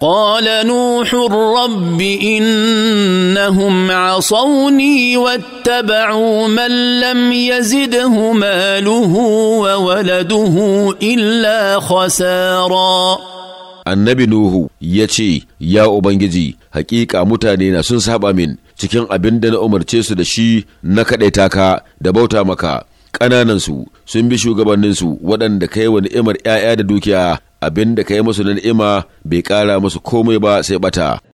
قال نوح رب انهم عصوني واتبعوا من لم يزده ماله وولده الا خسارا annabi nuhu ya ce ya ubangiji hakika mutane na sun saba min cikin abin da na umarce su da shi na kaɗaita ka da bauta maka ƙananansu sun bi shugabanninsu waɗanda kai wa ni'imar ‘ya'ya da dukiya abin da ka yi musu ni'ima bai ƙara musu komai ba sai ɓata.